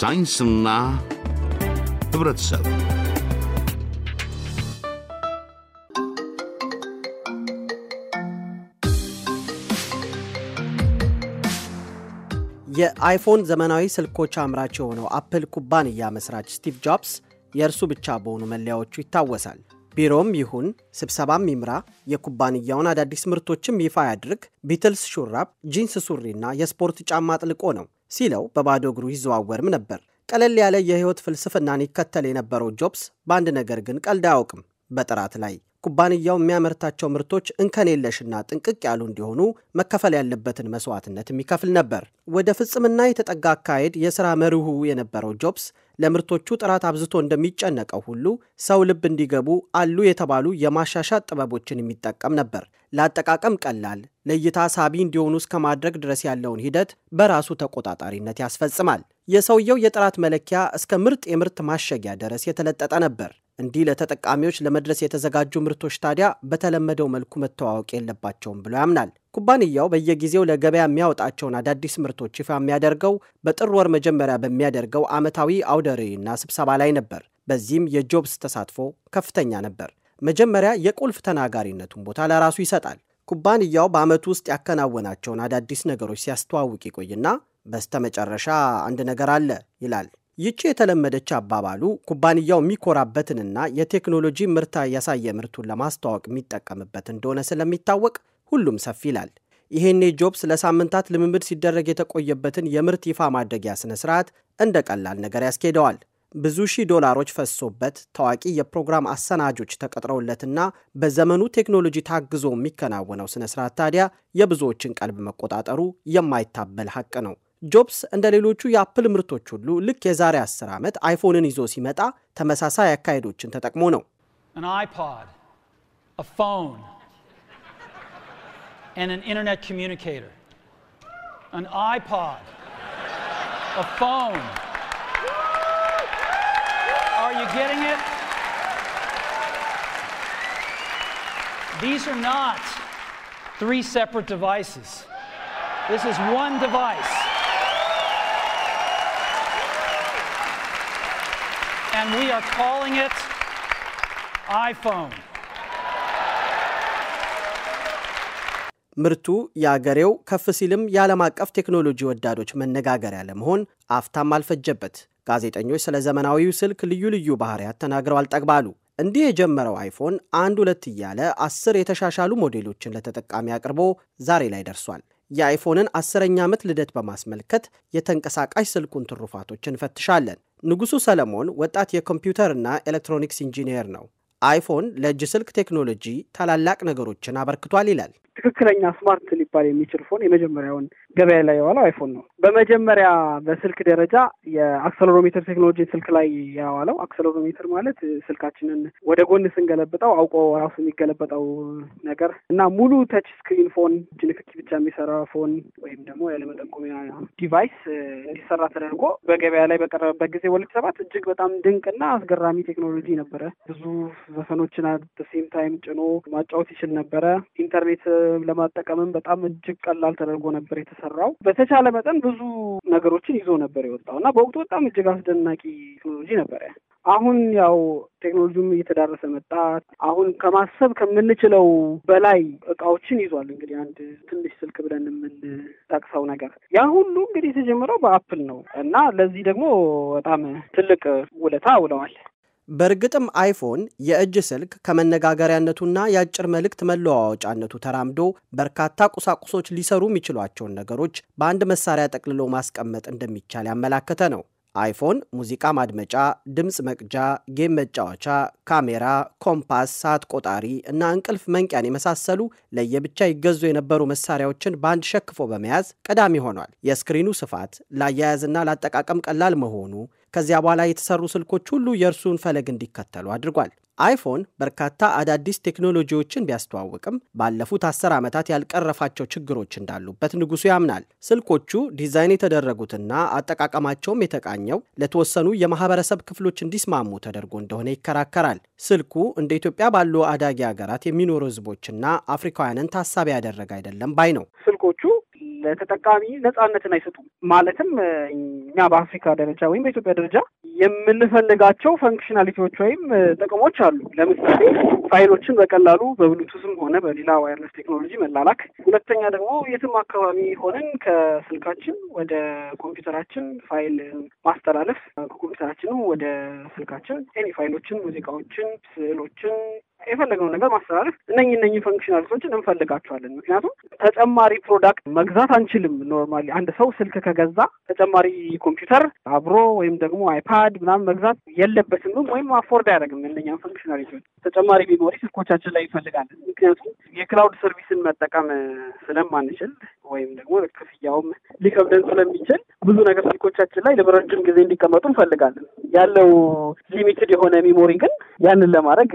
ሳይንስና ህብረተሰብ የአይፎን ዘመናዊ ስልኮች አምራች የሆነው አፕል ኩባንያ መስራች ስቲቭ ጆብስ የእርሱ ብቻ በሆኑ መለያዎቹ ይታወሳል። ቢሮም ይሁን ስብሰባም ይምራ፣ የኩባንያውን አዳዲስ ምርቶችም ይፋ ያድርግ፣ ቢትልስ ሹራብ፣ ጂንስ ሱሪና የስፖርት ጫማ አጥልቆ ነው ሲለው በባዶ እግሩ ይዘዋወርም ነበር። ቀለል ያለ የህይወት ፍልስፍናን ይከተል የነበረው ጆብስ በአንድ ነገር ግን ቀልድ አያውቅም፣ በጥራት ላይ ኩባንያው የሚያመርታቸው ምርቶች እንከን የለሽና ጥንቅቅ ያሉ እንዲሆኑ መከፈል ያለበትን መስዋዕትነት የሚከፍል ነበር። ወደ ፍጽምና የተጠጋ አካሄድ የሥራ መርሁ የነበረው ጆብስ ለምርቶቹ ጥራት አብዝቶ እንደሚጨነቀው ሁሉ ሰው ልብ እንዲገቡ አሉ የተባሉ የማሻሻት ጥበቦችን የሚጠቀም ነበር። ለአጠቃቀም ቀላል፣ ለእይታ ሳቢ እንዲሆኑ እስከ ማድረግ ድረስ ያለውን ሂደት በራሱ ተቆጣጣሪነት ያስፈጽማል። የሰውየው የጥራት መለኪያ እስከ ምርጥ የምርት ማሸጊያ ድረስ የተለጠጠ ነበር። እንዲህ ለተጠቃሚዎች ለመድረስ የተዘጋጁ ምርቶች ታዲያ በተለመደው መልኩ መተዋወቅ የለባቸውም ብሎ ያምናል። ኩባንያው በየጊዜው ለገበያ የሚያወጣቸውን አዳዲስ ምርቶች ይፋ የሚያደርገው በጥር ወር መጀመሪያ በሚያደርገው ዓመታዊ አውደ ርዕይና ስብሰባ ላይ ነበር። በዚህም የጆብስ ተሳትፎ ከፍተኛ ነበር። መጀመሪያ የቁልፍ ተናጋሪነቱን ቦታ ለራሱ ይሰጣል። ኩባንያው በዓመቱ ውስጥ ያከናወናቸውን አዳዲስ ነገሮች ሲያስተዋውቅ ይቆይና በስተመጨረሻ አንድ ነገር አለ ይላል ይቺ የተለመደች አባባሉ ኩባንያው የሚኮራበትንና የቴክኖሎጂ ምርታ ያሳየ ምርቱን ለማስተዋወቅ የሚጠቀምበት እንደሆነ ስለሚታወቅ ሁሉም ሰፊ ይላል። ይሄኔ ጆብስ ለሳምንታት ልምምድ ሲደረግ የተቆየበትን የምርት ይፋ ማድረጊያ ስነ ስርዓት እንደ ቀላል ነገር ያስኬደዋል። ብዙ ሺህ ዶላሮች ፈሶበት ታዋቂ የፕሮግራም አሰናጆች ተቀጥረውለትና በዘመኑ ቴክኖሎጂ ታግዞ የሚከናወነው ስነ ስርዓት ታዲያ የብዙዎችን ቀልብ መቆጣጠሩ የማይታበል ሀቅ ነው። ጆብስ እንደ ሌሎቹ የአፕል ምርቶች ሁሉ ልክ የዛሬ 10 ዓመት አይፎንን ይዞ ሲመጣ ተመሳሳይ አካሄዶችን ተጠቅሞ ነው። These are not three separate devices. This is one device. and we are calling it iPhone. ምርቱ የአገሬው ከፍ ሲልም የዓለም አቀፍ ቴክኖሎጂ ወዳዶች መነጋገሪያ ለመሆን አፍታም አልፈጀበት። ጋዜጠኞች ስለ ዘመናዊው ስልክ ልዩ ልዩ ባህሪያት ተናግረው አልጠግባሉ። እንዲህ የጀመረው አይፎን አንድ ሁለት እያለ አስር የተሻሻሉ ሞዴሎችን ለተጠቃሚ አቅርቦ ዛሬ ላይ ደርሷል። የአይፎንን አስረኛ ዓመት ልደት በማስመልከት የተንቀሳቃሽ ስልኩን ትሩፋቶች እንፈትሻለን። ንጉሱ ሰለሞን ወጣት የኮምፒውተርና ኤሌክትሮኒክስ ኢንጂነር ነው። አይፎን ለእጅ ስልክ ቴክኖሎጂ ታላላቅ ነገሮችን አበርክቷል ይላል። ትክክለኛ ስማርት ሊባል የሚችል ፎን የመጀመሪያውን ገበያ ላይ የዋለው አይፎን ነው። በመጀመሪያ በስልክ ደረጃ የአክሰሎሮሜትር ቴክኖሎጂ ስልክ ላይ ያዋለው አክሰሎሮሜትር ማለት ስልካችንን ወደ ጎን ስንገለብጠው አውቆ ራሱ የሚገለበጠው ነገር እና ሙሉ ተች ስክሪን ፎን እጅ ንክኪ ብቻ የሚሰራ ፎን ወይም ደግሞ ያለመጠቆሚያ ዲቫይስ እንዲሰራ ተደርጎ በገበያ ላይ በቀረበበት ጊዜ ወልድ ሰባት እጅግ በጣም ድንቅና አስገራሚ ቴክኖሎጂ ነበረ። ብዙ ዘፈኖችን ሴም ታይም ጭኖ ማጫወት ይችል ነበረ። ኢንተርኔት ለማጠቀምም በጣም እጅግ ቀላል ተደርጎ ነበር የተሰራው። በተቻለ መጠን ብዙ ነገሮችን ይዞ ነበር የወጣው እና በወቅቱ በጣም እጅግ አስደናቂ ቴክኖሎጂ ነበረ። አሁን ያው ቴክኖሎጂውም እየተዳረሰ መጣ። አሁን ከማሰብ ከምንችለው በላይ እቃዎችን ይዟል። እንግዲህ አንድ ትንሽ ስልክ ብለን የምንጠቅሰው ነገር ያ ሁሉ እንግዲህ የተጀመረው በአፕል ነው እና ለዚህ ደግሞ በጣም ትልቅ ውለታ ውለዋል። በእርግጥም አይፎን የእጅ ስልክ ከመነጋገሪያነቱና የአጭር መልእክት መለዋወጫነቱ ተራምዶ በርካታ ቁሳቁሶች ሊሰሩ የሚችሏቸውን ነገሮች በአንድ መሳሪያ ጠቅልሎ ማስቀመጥ እንደሚቻል ያመላከተ ነው። አይፎን ሙዚቃ ማድመጫ፣ ድምፅ መቅጃ፣ ጌም መጫወቻ፣ ካሜራ፣ ኮምፓስ፣ ሰዓት ቆጣሪ እና እንቅልፍ መንቅያን የመሳሰሉ ለየብቻ ይገዙ የነበሩ መሳሪያዎችን በአንድ ሸክፎ በመያዝ ቀዳሚ ሆኗል። የስክሪኑ ስፋት ለአያያዝና ለአጠቃቀም ቀላል መሆኑ ከዚያ በኋላ የተሰሩ ስልኮች ሁሉ የእርሱን ፈለግ እንዲከተሉ አድርጓል። አይፎን በርካታ አዳዲስ ቴክኖሎጂዎችን ቢያስተዋውቅም ባለፉት አስር ዓመታት ያልቀረፋቸው ችግሮች እንዳሉበት ንጉሱ ያምናል። ስልኮቹ ዲዛይን የተደረጉትና አጠቃቀማቸውም የተቃኘው ለተወሰኑ የማህበረሰብ ክፍሎች እንዲስማሙ ተደርጎ እንደሆነ ይከራከራል። ስልኩ እንደ ኢትዮጵያ ባሉ አዳጊ ሀገራት የሚኖሩ ህዝቦችና አፍሪካውያንን ታሳቢ ያደረገ አይደለም ባይ ነው። ስልኮቹ ለተጠቃሚ ነጻነትን አይሰጡም። ማለትም እኛ በአፍሪካ ደረጃ ወይም በኢትዮጵያ ደረጃ የምንፈልጋቸው ፈንክሽናሊቲዎች ወይም ጥቅሞች አሉ። ለምሳሌ ፋይሎችን በቀላሉ በብሉቱስም ሆነ በሌላ ዋይርለስ ቴክኖሎጂ መላላክ፣ ሁለተኛ ደግሞ የትም አካባቢ ሆነን ከስልካችን ወደ ኮምፒውተራችን ፋይል ማስተላለፍ፣ ከኮምፒውተራችንም ወደ ስልካችን ኤኒ ፋይሎችን፣ ሙዚቃዎችን፣ ስዕሎችን የፈለገውን ነገር ማስተላለፍ እነኝ እነኝ ፈንክሽናሊቶችን እንፈልጋቸዋለን። ምክንያቱም ተጨማሪ ፕሮዳክት መግዛት አንችልም። ኖርማሊ አንድ ሰው ስልክ ከገዛ ተጨማሪ ኮምፒውተር አብሮ ወይም ደግሞ አይፓድ ምናምን መግዛት የለበትም ወይም አፎርድ አያደርግም። እነኛን ፈንክሽናሊቲዎች ተጨማሪ ሜሞሪ ስልኮቻችን ላይ ይፈልጋለን። ምክንያቱም የክላውድ ሰርቪስን መጠቀም ስለማንችል ወይም ደግሞ ክፍያውም ሊከብደን ስለሚችል ብዙ ነገር ስልኮቻችን ላይ ለረጅም ጊዜ እንዲቀመጡ እንፈልጋለን። ያለው ሊሚትድ የሆነ ሚሞሪ ግን ያንን ለማድረግ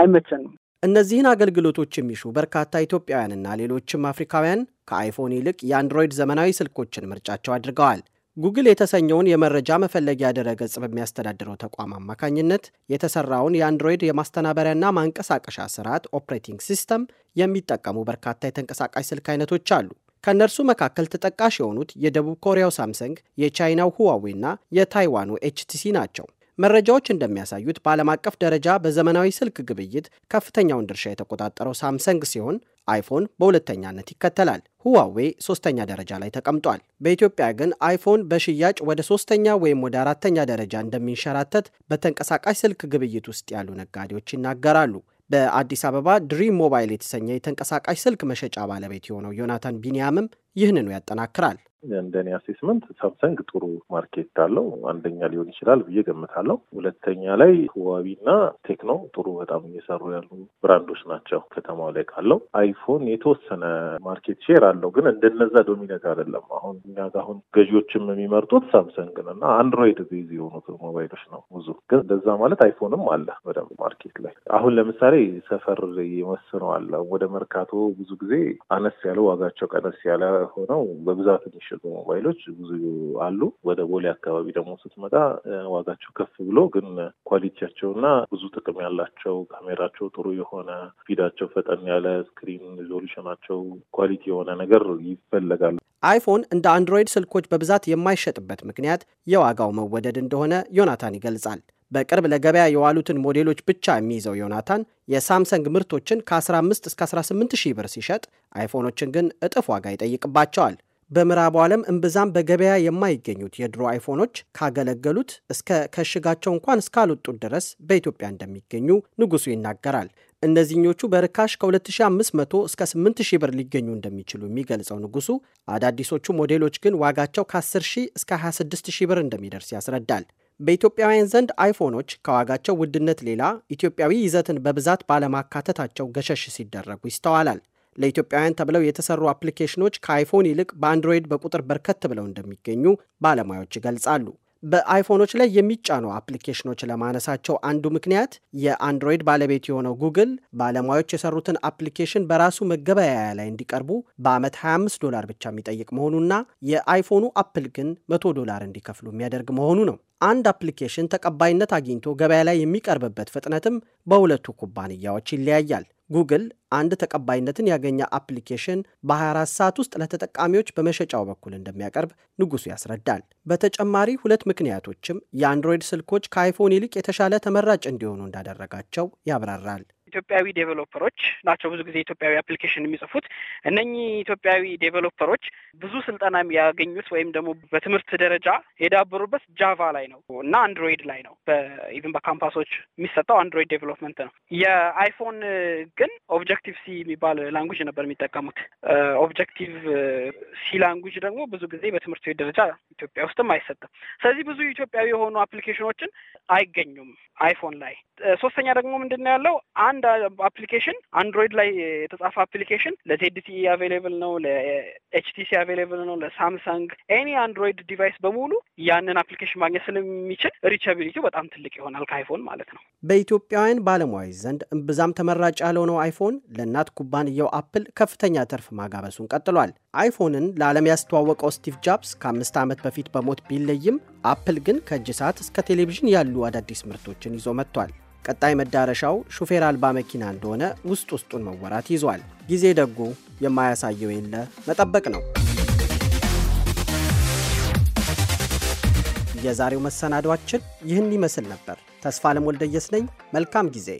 አይመቸንም። እነዚህን አገልግሎቶች የሚሹ በርካታ ኢትዮጵያውያንና ሌሎችም አፍሪካውያን ከአይፎን ይልቅ የአንድሮይድ ዘመናዊ ስልኮችን ምርጫቸው አድርገዋል። ጉግል የተሰኘውን የመረጃ መፈለጊያ ድረገጽ በሚያስተዳድረው ተቋም አማካኝነት የተሰራውን የአንድሮይድ የማስተናበሪያና ማንቀሳቀሻ ስርዓት ኦፕሬቲንግ ሲስተም የሚጠቀሙ በርካታ የተንቀሳቃሽ ስልክ አይነቶች አሉ። ከእነርሱ መካከል ተጠቃሽ የሆኑት የደቡብ ኮሪያው ሳምሰንግ፣ የቻይናው ሁዋዌ እና የታይዋኑ ኤችቲሲ ናቸው። መረጃዎች እንደሚያሳዩት በዓለም አቀፍ ደረጃ በዘመናዊ ስልክ ግብይት ከፍተኛውን ድርሻ የተቆጣጠረው ሳምሰንግ ሲሆን አይፎን በሁለተኛነት ይከተላል። ሁዋዌ ሶስተኛ ደረጃ ላይ ተቀምጧል። በኢትዮጵያ ግን አይፎን በሽያጭ ወደ ሶስተኛ ወይም ወደ አራተኛ ደረጃ እንደሚንሸራተት በተንቀሳቃሽ ስልክ ግብይት ውስጥ ያሉ ነጋዴዎች ይናገራሉ። በአዲስ አበባ ድሪም ሞባይል የተሰኘ የተንቀሳቃሽ ስልክ መሸጫ ባለቤት የሆነው ዮናታን ቢንያምም ይህንኑ ያጠናክራል። እንደኔ አሴስመንት ሳምሰንግ ጥሩ ማርኬት አለው። አንደኛ ሊሆን ይችላል ብዬ ገምታለሁ። ሁለተኛ ላይ ህዋዊና ቴክኖ ጥሩ በጣም እየሰሩ ያሉ ብራንዶች ናቸው። ከተማው ላይ ካለው አይፎን የተወሰነ ማርኬት ሼር አለው፣ ግን እንደነዛ ዶሚነት አይደለም። አሁን እኛ አሁን ገዢዎችም የሚመርጡት ሳምሰንግን እና አንድሮይድ ቤዝ የሆኑት ሞባይሎች ነው ብዙ። ግን እንደዛ ማለት አይፎንም አለ በደንብ ማርኬት ላይ። አሁን ለምሳሌ ሰፈር አለ ወደ መርካቶ ብዙ ጊዜ አነስ ያለ ዋጋቸው ቀነስ ያለ ሆነው በብዛት የሚሸጡ ሞባይሎች ብዙ አሉ። ወደ ቦሌ አካባቢ ደግሞ ስትመጣ ዋጋቸው ከፍ ብሎ ግን ኳሊቲያቸው እና ብዙ ጥቅም ያላቸው ካሜራቸው ጥሩ የሆነ ፊዳቸው ፈጠን ያለ ስክሪን ሪዞሉሽናቸው ኳሊቲ የሆነ ነገር ይፈለጋሉ። አይፎን እንደ አንድሮይድ ስልኮች በብዛት የማይሸጥበት ምክንያት የዋጋው መወደድ እንደሆነ ዮናታን ይገልጻል። በቅርብ ለገበያ የዋሉትን ሞዴሎች ብቻ የሚይዘው ዮናታን የሳምሰንግ ምርቶችን ከ15 እስከ 18 ሺህ ብር ሲሸጥ አይፎኖችን ግን እጥፍ ዋጋ ይጠይቅባቸዋል። በምዕራቡ ዓለም እምብዛም በገበያ የማይገኙት የድሮ አይፎኖች ካገለገሉት እስከ ከሽጋቸው እንኳን እስካልወጡት ድረስ በኢትዮጵያ እንደሚገኙ ንጉሱ ይናገራል። እነዚህኞቹ በርካሽ ከ2500 እስከ 8000 ብር ሊገኙ እንደሚችሉ የሚገልጸው ንጉሱ አዳዲሶቹ ሞዴሎች ግን ዋጋቸው ከ10000 እስከ 26000 ብር እንደሚደርስ ያስረዳል። በኢትዮጵያውያን ዘንድ አይፎኖች ከዋጋቸው ውድነት ሌላ ኢትዮጵያዊ ይዘትን በብዛት ባለማካተታቸው ገሸሽ ሲደረጉ ይስተዋላል። ለኢትዮጵያውያን ተብለው የተሰሩ አፕሊኬሽኖች ከአይፎን ይልቅ በአንድሮይድ በቁጥር በርከት ብለው እንደሚገኙ ባለሙያዎች ይገልጻሉ። በአይፎኖች ላይ የሚጫኑ አፕሊኬሽኖች ለማነሳቸው አንዱ ምክንያት የአንድሮይድ ባለቤት የሆነው ጉግል ባለሙያዎች የሰሩትን አፕሊኬሽን በራሱ መገበያያ ላይ እንዲቀርቡ በዓመት 25 ዶላር ብቻ የሚጠይቅ መሆኑና የአይፎኑ አፕል ግን 100 ዶላር እንዲከፍሉ የሚያደርግ መሆኑ ነው። አንድ አፕሊኬሽን ተቀባይነት አግኝቶ ገበያ ላይ የሚቀርብበት ፍጥነትም በሁለቱ ኩባንያዎች ይለያያል። ጉግል አንድ ተቀባይነትን ያገኘ አፕሊኬሽን በ24 ሰዓት ውስጥ ለተጠቃሚዎች በመሸጫው በኩል እንደሚያቀርብ ንጉሱ ያስረዳል። በተጨማሪ ሁለት ምክንያቶችም የአንድሮይድ ስልኮች ከአይፎን ይልቅ የተሻለ ተመራጭ እንዲሆኑ እንዳደረጋቸው ያብራራል። ኢትዮጵያዊ ዴቨሎፐሮች ናቸው ብዙ ጊዜ ኢትዮጵያዊ አፕሊኬሽን የሚጽፉት። እነኚህ ኢትዮጵያዊ ዴቨሎፐሮች ብዙ ስልጠና ያገኙት ወይም ደግሞ በትምህርት ደረጃ የዳበሩበት ጃቫ ላይ ነው እና አንድሮይድ ላይ ነው። በኢቭን በካምፓሶች የሚሰጠው አንድሮይድ ዴቨሎፕመንት ነው። የአይፎን ግን ኦብጀክቲቭ ሲ የሚባል ላንጉጅ ነበር የሚጠቀሙት። ኦብጀክቲቭ ሲ ላንጉጅ ደግሞ ብዙ ጊዜ በትምህርት ቤት ደረጃ ኢትዮጵያ ውስጥም አይሰጥም። ስለዚህ ብዙ ኢትዮጵያዊ የሆኑ አፕሊኬሽኖችን አይገኙም አይፎን ላይ። ሶስተኛ ደግሞ ምንድን ነው ያለው አንድ አንድ አፕሊኬሽን አንድሮይድ ላይ የተጻፈ አፕሊኬሽን ለቴድሲ አቬሌብል ነው፣ ለኤችቲሲ አቬሌብል ነው፣ ለሳምሰንግ ኤኒ አንድሮይድ ዲቫይስ በሙሉ ያንን አፕሊኬሽን ማግኘት ስለሚችል ሪቻቢሊቲ በጣም ትልቅ ይሆናል ከአይፎን ማለት ነው። በኢትዮጵያውያን ባለሙያዎች ዘንድ እምብዛም ተመራጭ ያልሆነው አይፎን ለእናት ኩባንያው አፕል ከፍተኛ ትርፍ ማጋበሱን ቀጥሏል። አይፎንን ለዓለም ያስተዋወቀው ስቲቭ ጃብስ ከአምስት ዓመት በፊት በሞት ቢለይም አፕል ግን ከእጅ ሰዓት እስከ ቴሌቪዥን ያሉ አዳዲስ ምርቶችን ይዞ መጥቷል። ቀጣይ መዳረሻው ሹፌር አልባ መኪና እንደሆነ ውስጥ ውስጡን መወራት ይዟል። ጊዜ ደጎ የማያሳየው የለ መጠበቅ ነው። የዛሬው መሰናዷችን ይህን ይመስል ነበር። ተስፋ ለሞልደየስ ነኝ። መልካም ጊዜ